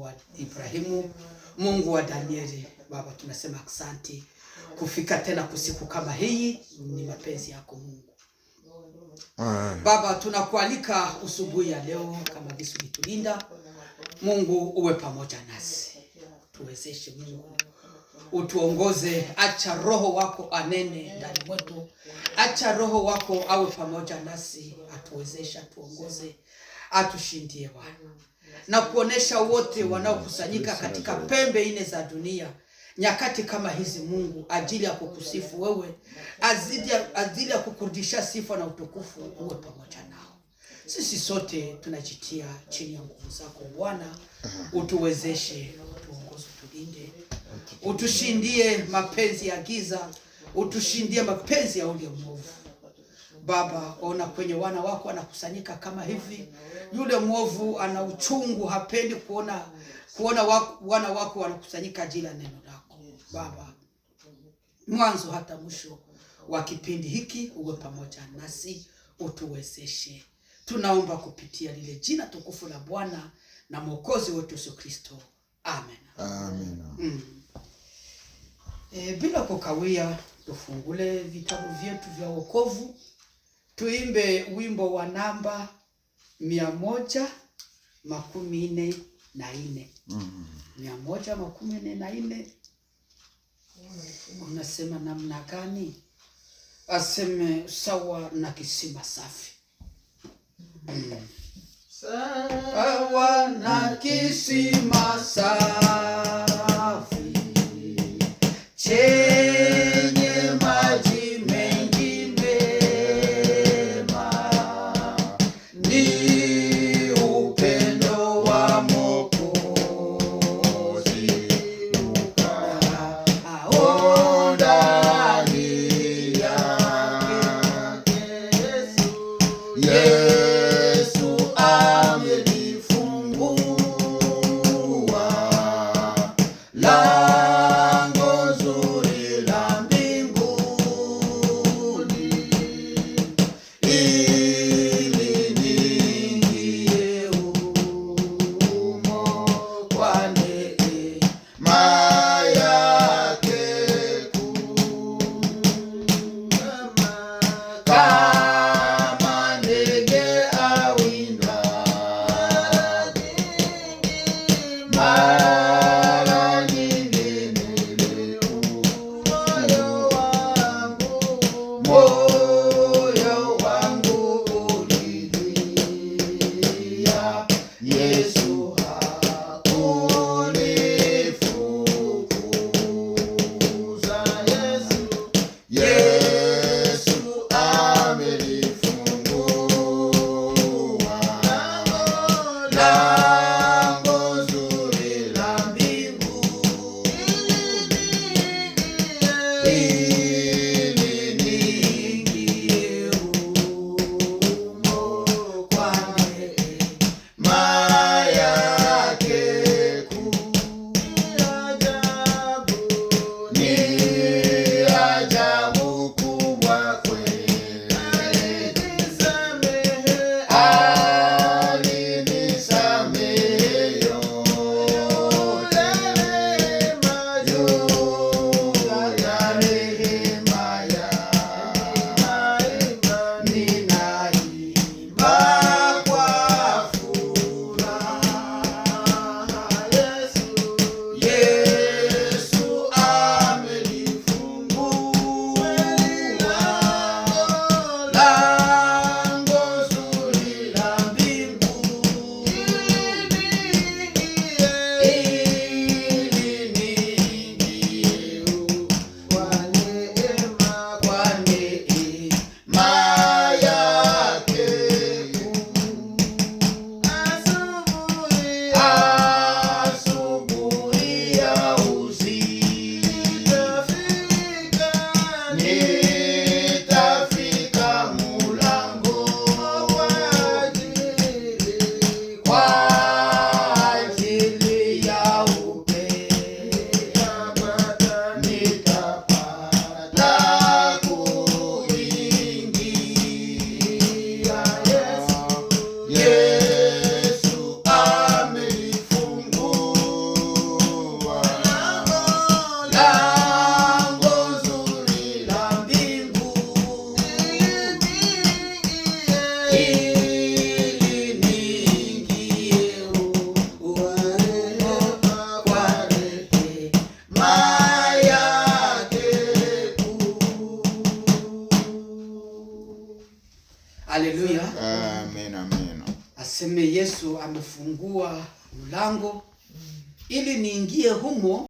wa Ibrahimu, Mungu wa Danieli. Baba, tunasema asante kufika tena kusiku kama hii, ni mapenzi yako Mungu. Baba, tunakualika usubuhi ya leo kama visu vitulinda. Mungu uwe pamoja nasi, tuwezeshe Mungu, utuongoze. Acha roho wako anene ndani mwetu, acha roho wako awe pamoja nasi, atuwezeshe, atuongoze, atushindie Bwana na kuonesha wote wanaokusanyika katika pembe nne za dunia nyakati kama hizi Mungu ajili ya kukusifu wewe, ajili ya, ajili ya kukurudisha sifa na utukufu, uwe pamoja nao. Sisi sote tunajitia chini ya nguvu zako Bwana, utuwezeshe, utuongoze, utulinde, utushindie mapenzi ya giza, utushindie mapenzi ya ule mwovu. Baba, ona kwenye wana wako anakusanyika kama hivi. Yule mwovu ana uchungu, hapendi kuona kuona wana wako wanakusanyika ajili ya neno lako Baba, mwanzo hata mwisho wa kipindi hiki uwe pamoja nasi, utuwezeshe. Tunaomba kupitia lile jina tukufu la Bwana na mwokozi wetu Yesu Kristo, amen, amen. Mm. E, bila kukawia tufungule vitabu vyetu vya wokovu tuimbe wimbo wa namba mia moja makumi nne na nne mm -hmm. mia moja makumi nne na nne unasema namna gani? Aseme sawa na kisima safi mm -hmm. sawa na kisima safi Haleluya. Amen, amen. Aseme Yesu amefungua mlango ili niingie humo